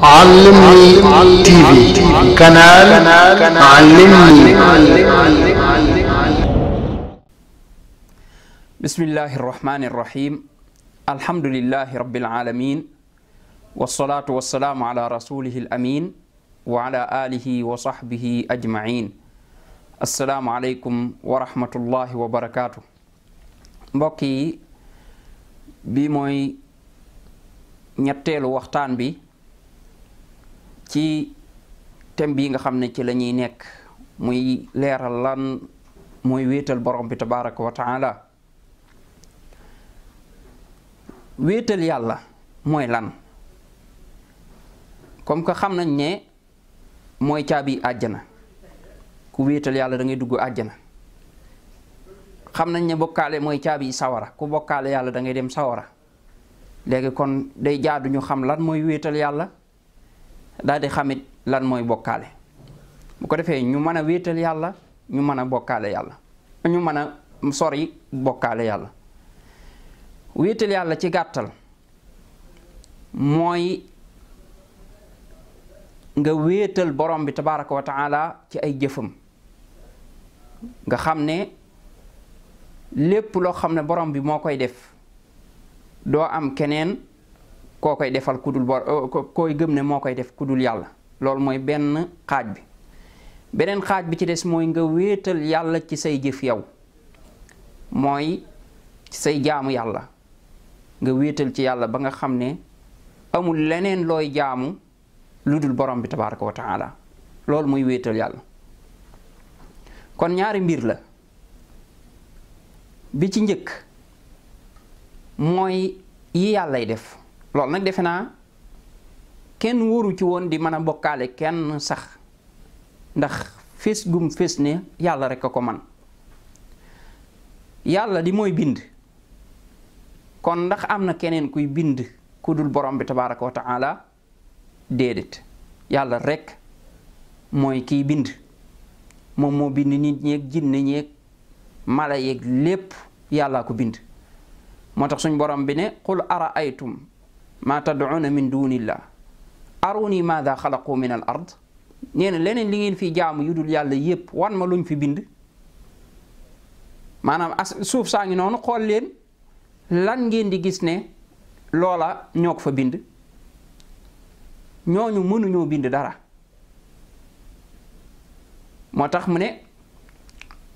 علمني تي في قناة علمني بسم الله الرحمن الرحيم الحمد لله رب العالمين والصلاة والسلام على رسوله الأمين وعلى آله وصحبه أجمعين السلام عليكم ورحمة الله وبركاته بقي بموي نتيل وقتان بي ci tem bi nga xamne ci lañuy nek muy leral lan muy wetal borom bi tabarak wa taala wetal yalla moy lan comme ko xamnañ ne moy tiabi aljana ku wetal yalla da ngay duggu aljana xamnañ ne bokale moy tiabi sawara ku bokale yalla da ngay dem sawara léegi kon day jaadu ñu xam lan moy wetal yalla daal di xamit lan mooy bokkaale bu ko defee ñu mën a wéetal yàlla ñu mën a bokkaale yàlla ñu mën a sori bokkaale yàlla wéetal yàlla ci gàttal mooy nga wéetal borom bi tabaraka wa taala ci ay jëfam nga xam ne lépp loo xam ne borom bi moo koy def doo am keneen koo koy defal kudul bor koy gëm ne moo koy def ku kudul yàlla loolu mooy benn xaaj bi beneen xaaj bi ci des mooy nga wéetal yàlla ci say jëf yow mooy ci jaamu yàlla nga wéetal ci yàlla ba nga xam ne amul leneen looy jaamu lu dul borom bi tabaraka wa taala loolu mooy wéetal yàlla kon ñaari mbir la bi ci njëkk mooy yi yàllay def loolu nag defe naa kenn wóoru ci woon di mën a bokkaale kenn sax ndax fés gum fés ne yàlla rek a ko man yàlla di mooy bind kon ndax am na keneen kuy bind ku dul borom bi tabaaraka wa taala déedéet yàlla rekk mooy kiy bind moom moo bind nit ñeeg jinne ñeeg mala yeeg lépp yàllaa ko bind moo tax suñ borom bi ne qul ara aytum maa tad'uuna min dunillah aruni maada xalaqu min al ard leneen li ngeen fi jaamu yu dul yàlla yépp wan ma lu ñu fi bind maanaam suuf saa ngi noonu xool leen lan ngeen di gis ne loola ñoo fa bind ñooñu mënuñoo bind dara moo tax mu ne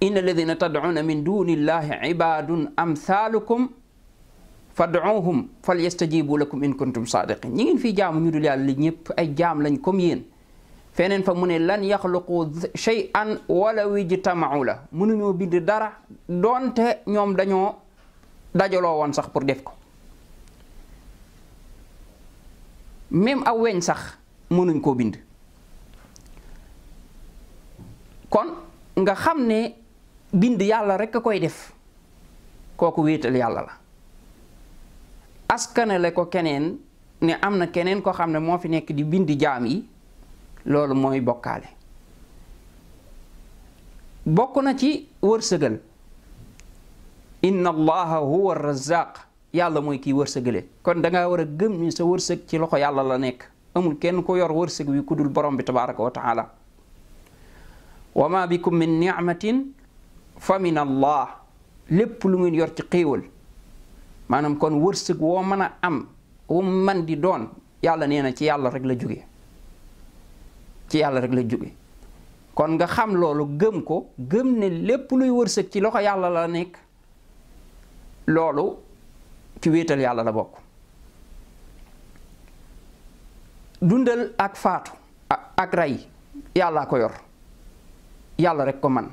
inna alladina tad'uuna min dunillahi ibaadun amthaalukum fad'uuhum falyastajibu lakum in kuntum saadiqin ñi ngeen fii jaamu ñu dul yàlla li ñëpp ay jaam lañ kom yéen feneen fa mu ne lan yaxluqu shay'an walaw ijtama'u la mënuñoo bind dara doonte ñoom dañoo dajaloo woon sax pour def ko même aweñ sax sax mënuñ koo bind kon nga xam ne bind yàlla rekk a koy def kooku wéetal yàlla la askanale ko keneen ne am na keneen koo xam ne moo fi nekk di bind jaam yi loolu mooy bokkaale bokk na ci wërsëgal inna allaha huwa razaq yàlla mooy kii wërsëgale kon dangaa war a gëm ni sa wërsëg ci loxo yàlla la nekk amul kenn ku yor wërsëg wi ku dul borom bi tabaraka wa taala wa ma bikum min nicmatin fa min allah lépp lu ngeen yor ci xéewal maanaam kon wërsëg woo mën a am wu man di doon yàlla nee na ci yàlla rek la jóge ci yàlla rek la jóge kon nga xam loolu gëm ko gëm ne lépp luy wërsëg ci loxo yàlla la nekk loolu ci wéetal yàlla la bokk dundal ak faatu ak rey yàllaa ko yor yàlla rek ko man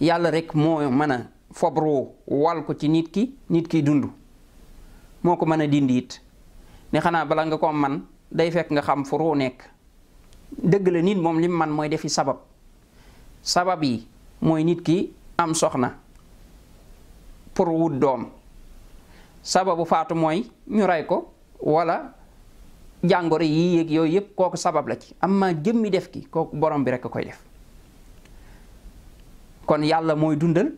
yàlla rek moo mën a fob ruu wal ko ci nit ki nit kiy dund moo ko mën a dindi it ne xanaa balaa nga ko man day fekk nga xam fu ruu nekk dëgg la nit moom lim man mooy defi sabab sabab yi mooy nit ki am soxna pour wut doom sababu faatu mooy ñu rey ko wala jàngoro yi yéeg yooyu yépp kooku sabab la ci am amma jëmmi def ki kooku borom bi rekk koy def kon yàlla mooy dundal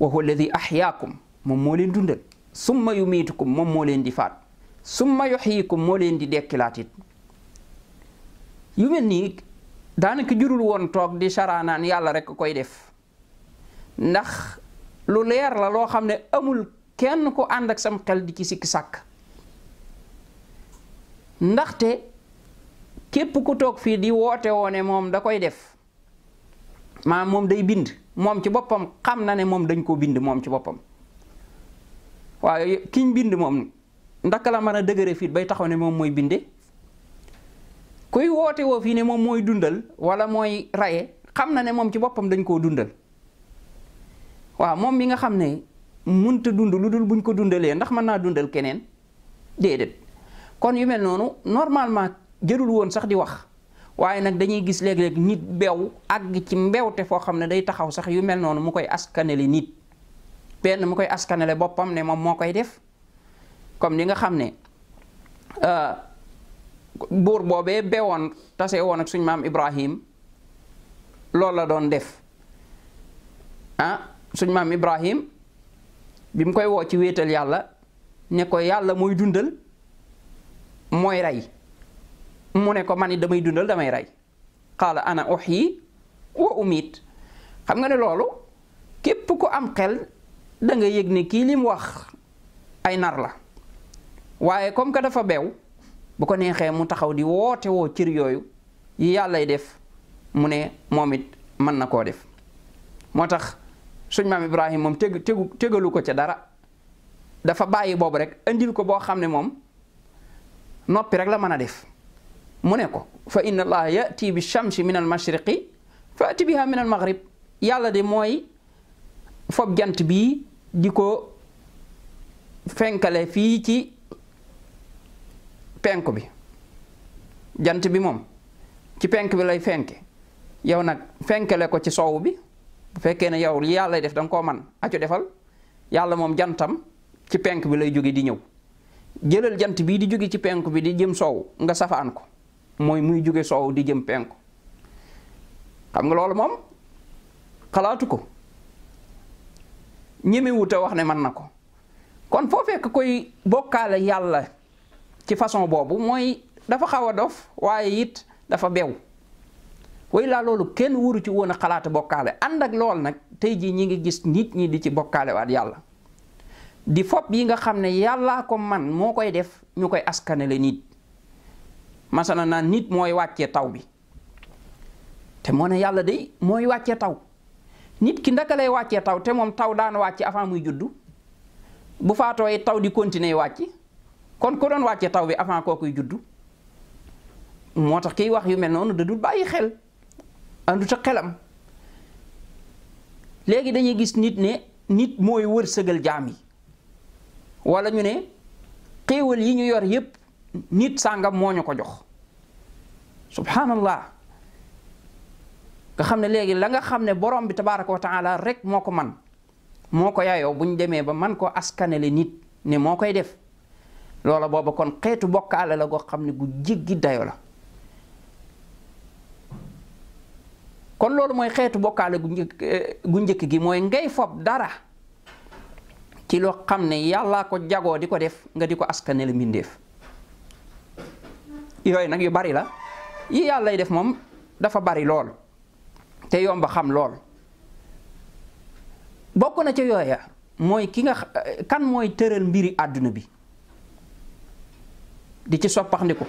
wa huwa alladi ahyaakum moom moo leen dundal summa yumiitukum moom moo leen di faat summa yuxyikum moo leen di dekkilaat it yu mel nii daanaka jurul woon toog di saraanaan yàlla rek koy def ndax lu leer la loo xam ne amul kenn ku ànd sam xel di ci sikki sàkk ndaxte képp ku toog fii di woote woone moom da koy def maa moom day bind moom ci boppam xam na ne moom dañ koo bind moom ci boppam waaye kiñ bind moom ndaka la mën a dëgëre fit bay taxaw ne moom mooy binde kuy woote woo fii ne moom mooy dundal wala mooy raye xam na ne moom ci boppam dañ koo dundal waaw moom bi nga xam ne munta dund lu dul buñ ko dundalee ndax mën naa dundal keneen déedéet kon yu mel noonu normalement jërul woon sax di wax waaye nag dañuy gis léeg-léeg nit beew àgg ci mbewte foo xam ne day taxaw sax yu mel noonu mu koy askanale nit benn mu koy askanale boppam ne moom moo koy def comme li nga xam ne euh, buur boobee bewoon tase woon ak suñ maam Ibrahim loolu la doon def ah suñ maam Ibrahim bi mu koy woo ci wéetal yàlla ne ko yàlla mooy dundal mooy rey mu ne ko man damay dundal damay ray qala ana uhi wa umit. xam nga ne loolu kep ku am xel da nga yegne ki lim wax ay nar la waye comme ka dafa bew bu ko neexee mu taxaw di wote wo cër yi def mu ne man it def motax suñu mam ibrahim mom moom tegu tegu tegalu ko ci dara dafa bayyi bobu rek andil ko bo xamne mom nopi rek la def mu ne ko fa inna allaha yati bi shamsi min al mashriqi fa ati biha min al maghrib yàlla de mooy fob jant bi di ko fenkale fii ci penk bi jant bi moom ci penk bi lay fenk yow nag fenkale ko ci soow bi bu fekkee ne yow li yàlla def da nga koo man aco defal yàlla moom jantam ci penk bi lay jóge di ñëw jëlal jant bii di jóge ci penk bi di jëm soow nga safaan ko mooy muy jóge soow di jëm penku xam nga loolu moom xalaatu ko ñemewut a wax ne mën na ko kon foo fekk koy bokkaale yàlla ci façon boobu mooy dafa xaw a dof waaye it dafa bew way laa loolu kenn wuru ci woon a xalaata bokkaale ànd ak lool nag tey jii ñi ngi gis nit ñi di ci bokkaale waat yàlla di fopp yi nga xam ne yàllaa ko man moo koy def ñu koy askanale nit masana naan nit mooy wàccee taw bi te moo ne yàlla day mooy wàccee taw nit ki ndaka lay wàccee taw te moom taw daan wàcc avant muy juddu bu faatooy taw di continuer wàcc kon ko doon wàccee taw bi avant koy juddu moo tax kiy wax yu mel noonu da dul bàyyi xel andu ta xelam léegi dañuy gis nit ne nit mooy wërsëgal jaam yi wala ñu ne xéewal yi ñu yor yépp nit sàngam moo ñu ko jox subhanallah nga xam ne léegi la nga xam ne borom bi tabaraka wa rek moo ko man moo ko yaayoo bu ñu demee ba man koo askaneele nit ne moo koy def loola booba kon xeetu bokkaale la goo xam ne gu jéggi dayo kon loolu mooy xeetu bokkaale gu njëkk gi mooy ngay fob dara ci loo xam ne yàlla ko jagoo di ko def nga di ko askanele mbindeef yooyu nag yu bari la yi yàllay def mom dafa bari lol te yomba xam lol bokku na ci yoya moy ki nga kan moy tëral mbiri aduna bi di ci soppaxndiku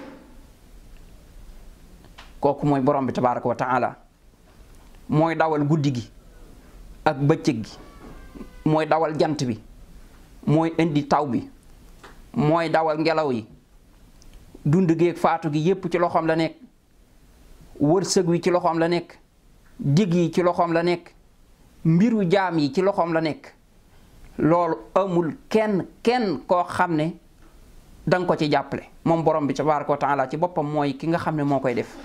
kooku moy borom bi tabaaraka wa taala moy dawal gudigi, ak bëccëg gi dawal jant bi moy indi taw bi moy dawal ngelaw yi dundu geek ak faatu gi yep ci loxom la nek wërsëg wi ci loxoom la nekk digg yi ci loxoom la nekk mbiru jaam yi ci loxoom la nekk loolu amul kenn kenn koo xam ne danga ko ci jàppale moom borom bi tabaaraka wa taala ci boppam mooy ki nga xam ne moo koy def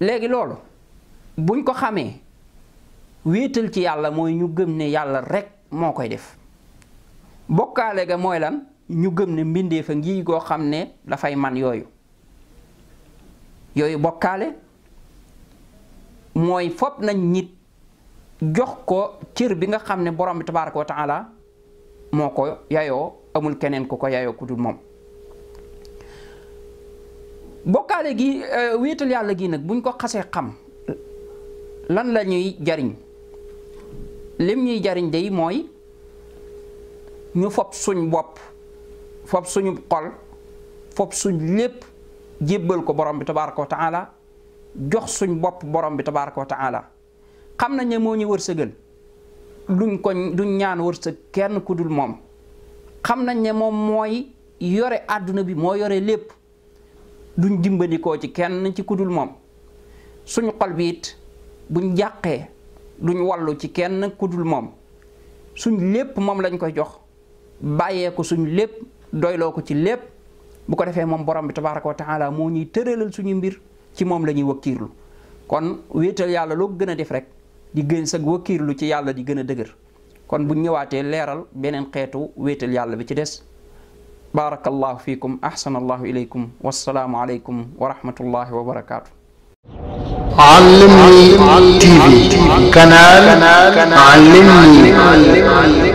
léegi loolu buñ ko xamee wéetal ci yàlla mooy ñu gëm ne yàlla rekk moo koy def bokkaale ga mooy lan ñu gëm ne mbindeef a ngi goo xam ne dafay man yooyu yooyu bokkaale mooy fopp nañ nit jox ko cër bi nga xam ne borom bi tabaraka wa taala moo ko yayoo amul keneen ku ko yayoo ku dul moom bokkaale gi euh, wéetal yàlla gi nag buñ ko xasee xam lan la ñuy jariñ lim ñuy jariñ day mooy ñu fopp suñ bopp fopp suñu xol fopp suñ lépp jébbal ko borom bi tabaaraka wa taala jox suñ bopp borom bi tabaaraka wa xam nañ ne moo ñu wërsëgal duñ ko duñ ñaan wërsëg kenn ku dul moom xam nañ ne moom mooy yore àdduna bi moo yore lépp duñ dimbalikoo ci kenn ci ku dul moom suñ xol bi it buñ jàqee duñ wallu ci kenn ku dul moom suñ lépp moom lañ koy jox bàyyee ko suñ lépp doyloo ko ci lépp bu ko defee moom borom bi tabaraka wa taala moo ñuy tëralal suñu mbir ci moom la ñuy wakkiirlu kon wéetal yàlla loo gën a def rek di gën sa wakkiirlu ci yàlla di gën a dëgër kon bu ñëwaatee leeral beneen xeetu wéetal yàlla bi ci des barakallahu fiikum ahsana allahu ilaykum wassalaamu alaykum wa rahmatullahi wa barakaatu Allimni TV